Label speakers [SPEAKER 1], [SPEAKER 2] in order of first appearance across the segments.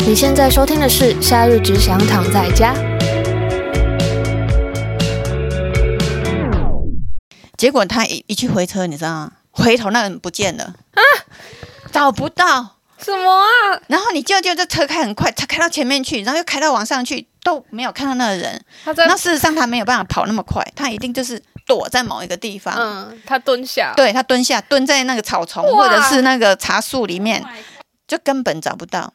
[SPEAKER 1] 你現在收聽的是《夏日只想躺在家》。結果他一一去回車，你知道嗎？回頭那人不見了啊，找不到什麼啊。然後你舅舅這車開很快，他開到前面去，然後又開到往上去，都沒有看到那個人。那事實上他沒有辦法跑那麼快，他一定就是。躲在某一個地方，嗯，他蹲下，對，他蹲下，蹲在那個草叢或者是那個茶樹裡面，就根本找不到。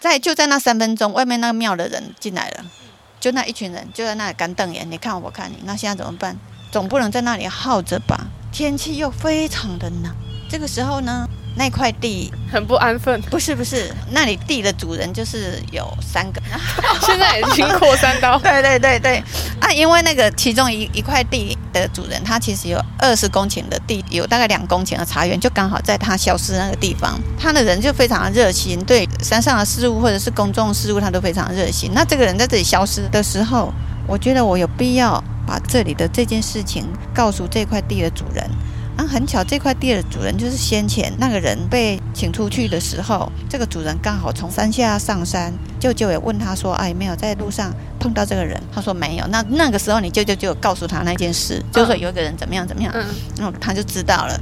[SPEAKER 1] 在就在那三分鐘，外面那個廟的人進來了，就那一群人就在那裡乾瞪眼，你看我看你，那現在怎麼辦？總不能在那裡耗着吧？天氣又非常的冷。這個時候呢，那塊地很不安分。不是不是，那裡地的主人就是有三個， 現在已經過三刀。 對對對對，啊，因為那個其中一一塊地的主人，他其實有二十公頃的地，有大概兩公頃的茶園，就剛好在他消失那個地方。他的人就非常的熱心，對山上的事物或者是公眾事物，他都非常熱心。那這個人在這裡消失的時候，我覺得我有必要把這裡的這件事情告訴這塊地的主人。啊，很巧，這塊地的主人就是先前那個人被請出去的時候，這個主人剛好從山下上山。舅舅也問他說：“哎，沒有在路上碰到這個人？”他說：“沒有。”那那那個時候，你舅舅就告訴他那件事，嗯，就說有一個人怎麼樣怎麼樣，嗯，然後他就知道了。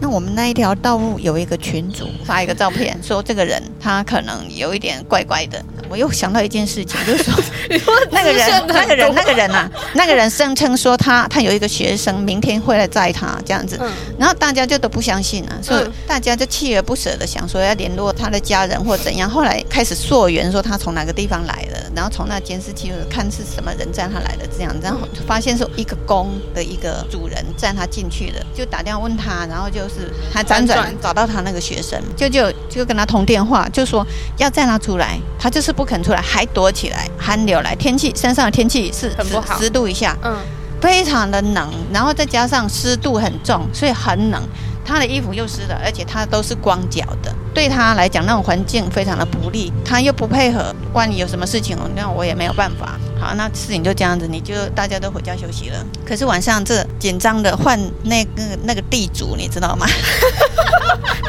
[SPEAKER 1] 那我們那一條道路有一個群組發一個照片，說這個人他可能有一點怪怪的。我又想到一件事情，就是說 的 那個人，那個人，那個人啊， 那個人聲稱說他他有一個學生明天會來載他這樣子，嗯、然後大家就都不相信啊，所以大家就鍥而不捨的想說要聯絡他的家人或怎樣，後來開始溯源說他從哪個地方來的，然後從那監視器看是什麼人載他來的這樣，然後就發現說一個公的一個主人載他進去了，就打電話問他，然後就是他輾轉，轉，轉，轉找到他那個學生，就就就跟他通電話，就說要載他出來，他就是不。不肯出來，還躲起來，寒流來。天氣山上的天氣是，是很不好，十度以下，嗯，非常的冷，然後再加上濕度很重，所以很冷。他的衣服又濕了，而且他都是光腳的，對他來講那種環境非常的不利。他又不配合，萬一有什麼事情，那我也沒有辦法。好，那事情就這樣子，你就大家都回家休息了。可是晚上這緊張的換那個那個地主，你知道嗎？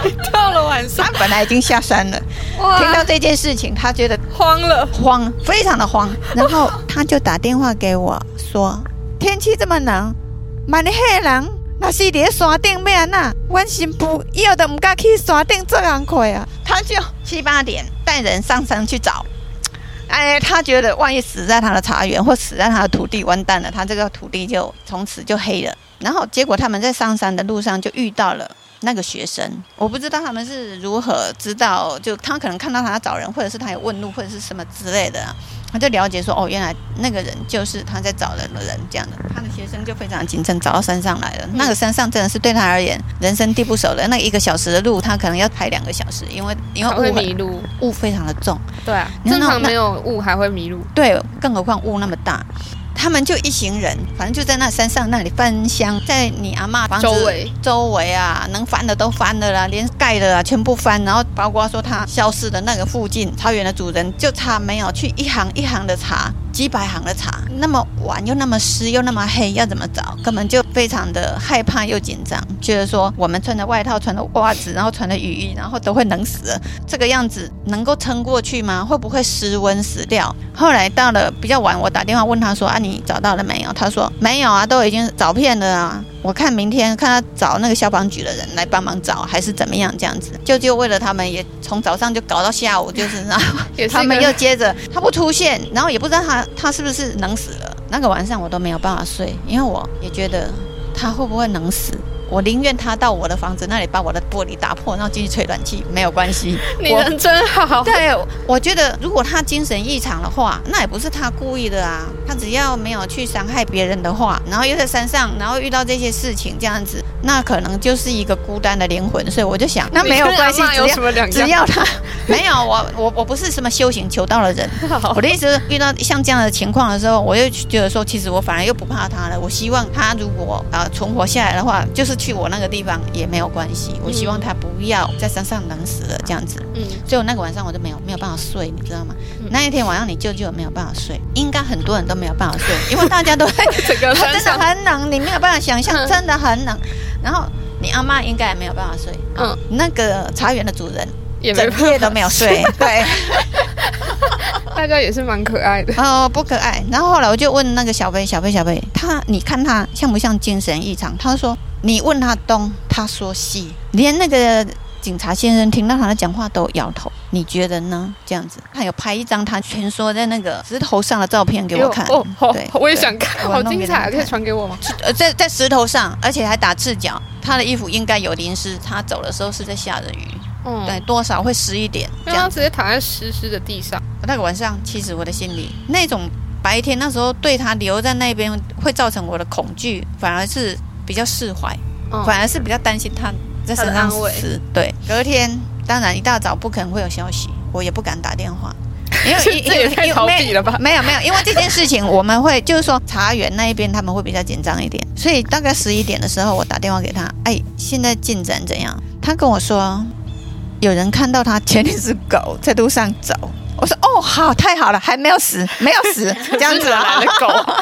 [SPEAKER 1] 到了晚上，他本來已經下山了哇，聽到這件事情，他覺得。慌了，慌，非常的慌。然後他就打電話給我，說：“ 天氣這麼冷，蠻哩黑冷，那溪底山頂沒啊那溫新不要的不敢去山頂做功課啊。”他就七八點帶人上山去找。哎，他覺得萬一死在他的茶園或死在他的土地，完蛋了，他這個土地就從此就黑了。然後結果他們在上山的路上就遇到了。那個學生，我不知道他們是如何知道，就他可能看到他找人，或者是他有問路，或者是什麼之類的、啊，他就了解說，哦，原來那個人就是他在找人的人，這樣的，他的學生就非常緊張，找到山上來了、嗯。那個山上真的是對他而言人生地不熟的，那個一個小時的路，他可能要排兩個小時，因為因為霧迷路，霧非常的重，對啊，正常沒有霧還會迷路，對，更何況霧那麼大。他們就一行人，反正就在那山上那裡翻箱，在你阿嬤房子周圍周圍啊，能翻的都翻的啦，連蓋的啊全部翻，然後包括說他消失的那個附近，茶園的主人就差沒有去一行一行的查。幾百行的茶，那麼晚又那麼濕又那麼黑，要怎麼找？根本就非常的害怕又緊張，就是說我們穿着外套、穿着襪子，然後穿着雨衣，然後都會冷死了。這個樣子能夠撐過去嗎？會不會失溫死掉？後來到了比較晚，我打電話問他說：“啊，你找到了沒有？”他說：“沒有啊，都已經找遍了啊。”我看明天看他找那個消防局的人來幫忙找，還是怎麼樣？這樣子舅舅為了他們也從早上就搞到下午，就是那 他們又接着他不出現，然後也不知道他他是不是能死了。那個晚上我都沒有辦法睡，因為我也覺得他會不會能死。我寧願他到我的房子那裡把我的玻璃打破，然後進去吹暖氣，沒有關係。你人真好。對、哦，我覺得如果他精神異常的話，那也不是他故意的啊。他只要沒有去傷害別人的話，然後又在山上，然後遇到這些事情這樣子，那可能就是一個孤單的靈魂。所以我就想，那沒有關係，有什麼兩樣？只要他沒有我，我我不是什麼修行求道的人。 我的意思是，遇到像這樣的情況的時候，我又覺得說，其實我反而又不怕他了。我希望他如果啊、呃、存活下來的話，就是。去我那個地方也沒有關係，我希望他不要在山上冷死了這樣子。嗯，所以我那個晚上我就沒有沒有辦法睡，你知道嗎？嗯，那一天晚上你舅舅沒有辦法睡，應該很多人都沒有辦法睡，因為大家都在 整個他真的很冷，你沒有辦法想象、嗯，真的很冷。然後你阿媽應該也沒有辦法睡，嗯，那個茶園的主人也沒，沒有睡，對。 大概也是蠻可愛的哦，不可愛。然後後來我就問那個小貝，小貝，小貝，他，你看他像不像精神異常？他說，你問他東，他說西，連那個警察先生聽到他的講話都搖頭。你覺得呢？這樣子，他有拍一張他蜷縮在那個石頭上的照片給我看。哦，哦，好，我也想看，好精彩啊，可以傳給我嗎？呃，在在石頭上，而且還打赤腳，他的衣服應該有淋濕，他走的時候是在下着雨。嗯、對，多少會濕一點。這樣子直接躺在濕濕的地上。那個晚上，其實我的心裡那種白天那時候對他留在那邊會造成我的恐懼，反而是比較釋懷，嗯、反而是比較擔心他在身上濕。對，隔天當然一大早不可能會有消息，我也不敢打電話，因為這 也太逃避了吧？沒有沒有，因為這件事情我們會就是說茶園那一邊他們會比較緊張一點，所以大概十一點的時候我打電話給他，哎，現在進展怎樣？他跟我說。有人看到他牽那隻狗在路上走，我說：“哦，好，太好了，還沒有死，沒有死， 這樣子啊，那狗，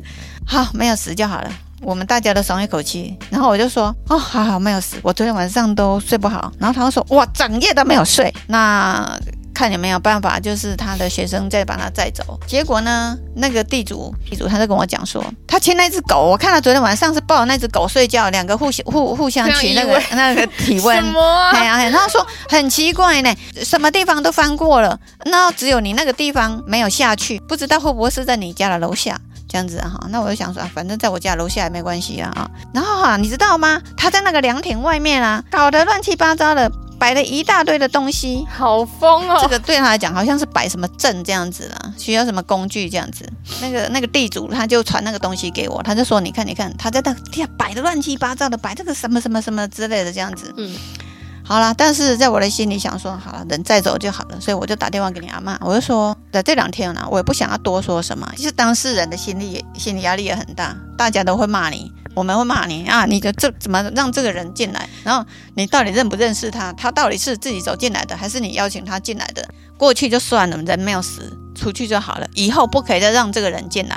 [SPEAKER 1] 好，沒有死就好了，我們大家都鬆一口氣。”然後我就說：“哦，好好，沒有死，我昨天晚上都睡不好。”然後他就說：“哇，整夜都沒有睡。”那。看有沒有辦法，就是他的學生再把他載走。結果呢，那個地主地主他就跟我講說，他牽那隻狗。我看他昨天晚上是抱那隻狗睡覺，兩個互相互互相取那個那個體溫。什麼？嘿啊嘿。然後說很奇怪呢、欸，什麼地方都翻過了，那只有你那個地方沒有下去，不知道會不會是在你家的樓下這樣子啊？哈，那我就想說啊，反正在我家樓下也沒關係啊啊。然後哈、啊，你知道嗎？他在那個涼亭外面啊，搞得亂七八糟的。擺了一大堆的東西，好瘋哦！這個對他來講，好像是擺什麼陣這樣子啦，需要什麼工具這樣子。那個那個地主他就傳那個東西給我，他就說：“你看，你看，他在那底下擺的亂七八糟的，擺這個什麼什麼什麼之類的這樣子。”嗯，好了，但是在我的心裡想說，好了，人再走就好了，所以我就打電話給你阿嬤，我就說：在這兩天呢，我也不想要多說什麼，其實當事人的心理心理壓力也很大，大家都會罵你。我們會罵你啊！你就這怎麼讓這個人進來？然後你到底認不認識他？他到底是自己走進來的，還是你邀請他進來的？過去就算了，人沒有死，出去就好了。以後不可以再讓這個人進來。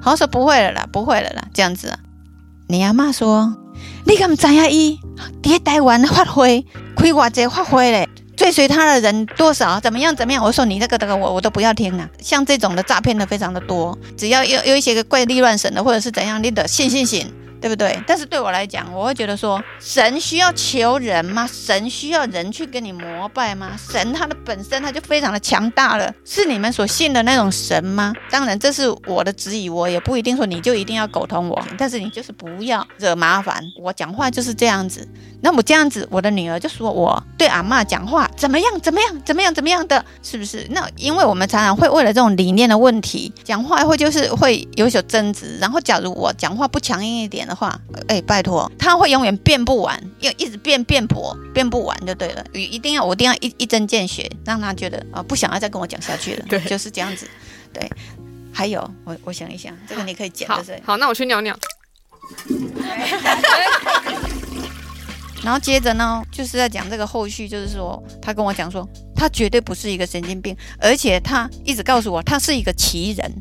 [SPEAKER 1] 然後說不會了啦，不會了啦，這樣子、啊、你阿嬤說，你幹嘛這樣？一迭代完發揮，虧我這發揮嘞！追隨他的人多少？怎麼樣？怎麼樣？我說你那個那個，這個、我我都不要聽啊！像這種的詐騙的非常的多，只要有有一些個怪力亂神的，或者是怎樣，你得信信信。對不對？但是對我來講，我會覺得說，神需要求人嗎？神需要人去跟你膜拜嗎？神他的本身他就非常的強大了，是你們所信的那種神嗎？當然，這是我的質疑，我也不一定說你就一定要苟同我，但是你就是不要惹麻煩。我講話就是這樣子。那麼這樣子，我的女兒就說我對阿嬤講話怎麼樣？怎麼樣？怎麼樣？怎麼樣的？是不是？那因為我們常常會為了這種理念的問題，講話會就是會有所爭執。然後假如我講話不強硬一點呢？話，哎、欸，拜託，他會永遠辯不完，要一直辯辯駁，辯不完就對了。一定要，我一定要一一針見血，讓他覺得啊、呃，不想要再跟我講下去了。對，就是這樣子。對，還有，我我想一想，這個你可以剪，就好，好，好。那我去尿尿。 然後接着呢，就是在講這個後續，就是說他跟我講說，他絕對不是一個神經病，而且他一直告訴我，他是一個奇人。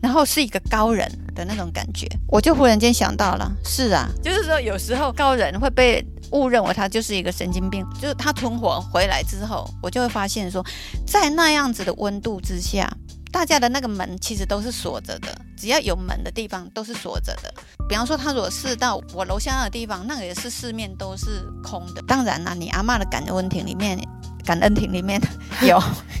[SPEAKER 1] 然後是一個高人的那種感覺，我就忽然間想到了，是啊，就是說有時候高人會被誤認為他就是一個神經病，就是他吞火回來之後，我就會發現說，在那樣子的溫度之下，大家的那個門其實都是鎖着的，只要有門的地方都是鎖着的。比方說他如果是到我樓下的地方，那個也是四面都是空的。當然啦、啊，你阿嬤的感恩亭裡面，感恩亭裡面有。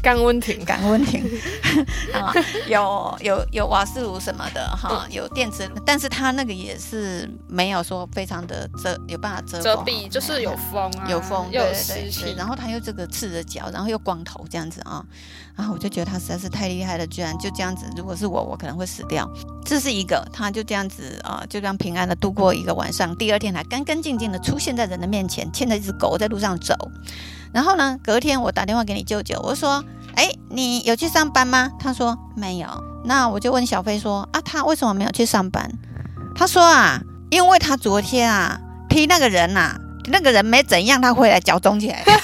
[SPEAKER 1] 哦、有有有瓦斯爐什麼的哈、哦嗯，有電磁爐，但是他那個也是沒有說非常的遮，有辦法遮遮蔽，就是有風啊，有，有風，嗯、對對對有濕氣，然後他又這個赤着腳，然後又光頭這樣子啊、哦，然後我就覺得他實在是太厲害了，居然就這樣子，如果是我，我可能會死掉。這是一個，他就這樣子啊、呃，就這樣平安的度過一個晚上。第二天還乾乾淨淨的出現在人的面前，牽着一隻狗在路上走。然後呢，隔天我打電話給你舅舅，我說：“哎、欸，你有去上班嗎？”他說：“沒有。”那我就問小飛說：“啊，他為什麼沒有去上班？”他說：“啊，因為他昨天啊踢那個人吶、啊，那個人沒怎樣，他回來腳腫起來。 ”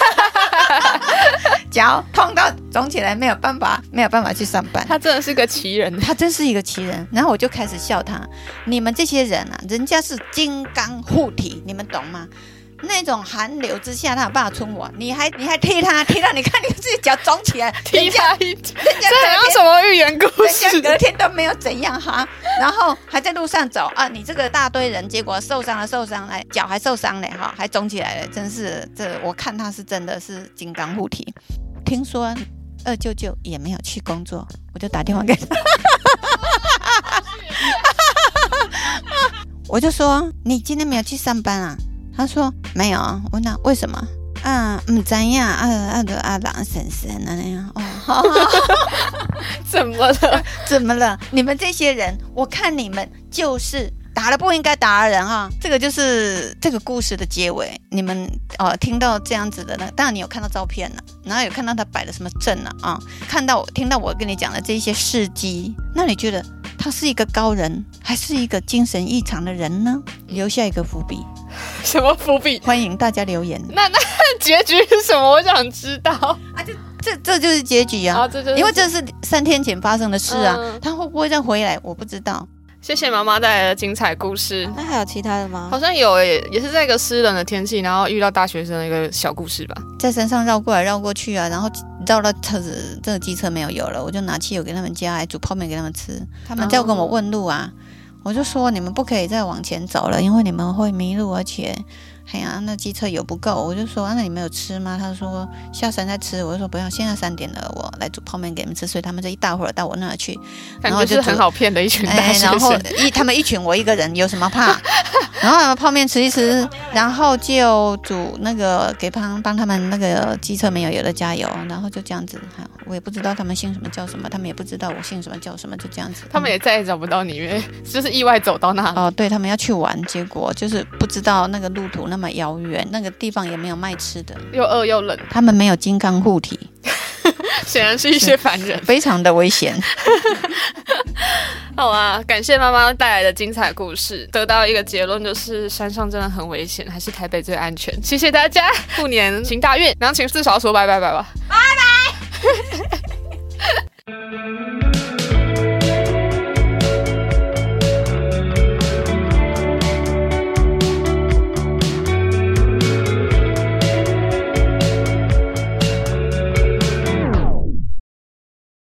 [SPEAKER 1] 腳痛到腫起來，沒有辦法，沒有辦法去上班。他真的是個奇人，他真是一個奇人。然後我就開始笑他，你們這些人啊，人家是金剛護體，你們懂嗎？那種寒流之下，他有辦法存我。你還你還踢他踢他，你看你自己腳腫起來，踢他一，人家講什麼寓言故事？人家隔天都沒有怎樣哈，然後還在路上走啊。你這個大堆人，結果受傷了受傷了，腳還受傷了，哈，還腫起來了，真是這個、我看他是真的是金剛護體。聽說二舅舅也沒有去工作，我就打電話給他、， 啊他 啊，我就說，你今天沒有去上班啊？他說沒有。我問他為什麼？嗯、啊，怎、啊啊啊啊啊、樣？阿阿阿郎嬸嬸那樣哦？好好好 怎麼了、啊？怎麼了？你們這些人，我看你們就是。打了不應該打的人啊，這個就是這個故事的結尾。你們哦、呃，聽到這樣子的呢？當然你有看到照片呢、啊，然後有看到他擺的什麼陣了啊，啊？看到聽到我跟你講的這一些事跡，那你覺得他是一個高人，還是一個精神異常的人呢、嗯？留下一個伏筆，什麼伏筆？歡迎大家留言。那那個、結局是什麼？我想知道。啊，就這這這就是結局啊，啊、就是，因為這是三天前發生的事啊，嗯、他會不會再回來？我不知道。謝謝媽媽帶來的精彩故事。啊、那還有其他的嗎？好像有誒、欸，也是在一個濕冷的天氣，然後遇到大學生的一個小故事吧。在山上繞過來繞過去啊，然後繞到車子這個機車沒有油了，我就拿汽油給他們加來，來煮泡麵給他們吃。他們在跟我問路啊，uh. 我就說你們不可以再往前走了，因為你們會迷路，而且。哎呀，那機車油不夠，我就說、啊、那你沒有吃嗎？他說，下山再吃。我就說不要，現在三點了，我來煮泡麵給你們吃。所以他們這一大夥到我那去，然後就就是很好騙的一群大、哎、然後 一他們一群，我一個人有什麼怕？ 然後他們泡麵吃一吃，然後就煮那個給幫幫他們那個機車沒有油的加油。然後就這樣子好，我也不知道他們姓什麼叫什麼，他們也不知道我姓什麼叫什麼，就這樣子。嗯、他們也再也找不到你，因為就是意外走到那。哦，對他們要去玩，結果就是不知道那個路途那。那麼遙遠，那個地方也沒有賣吃的，又餓又冷，他們沒有金剛護體，顯 然是一些凡人，非常的危險。 好啊，感謝媽媽帶來的精彩故事， 得到一個結論就是山上真的很危險，還是台北最安全。謝謝大家，兔年行大運，娘請至少說拜拜拜吧。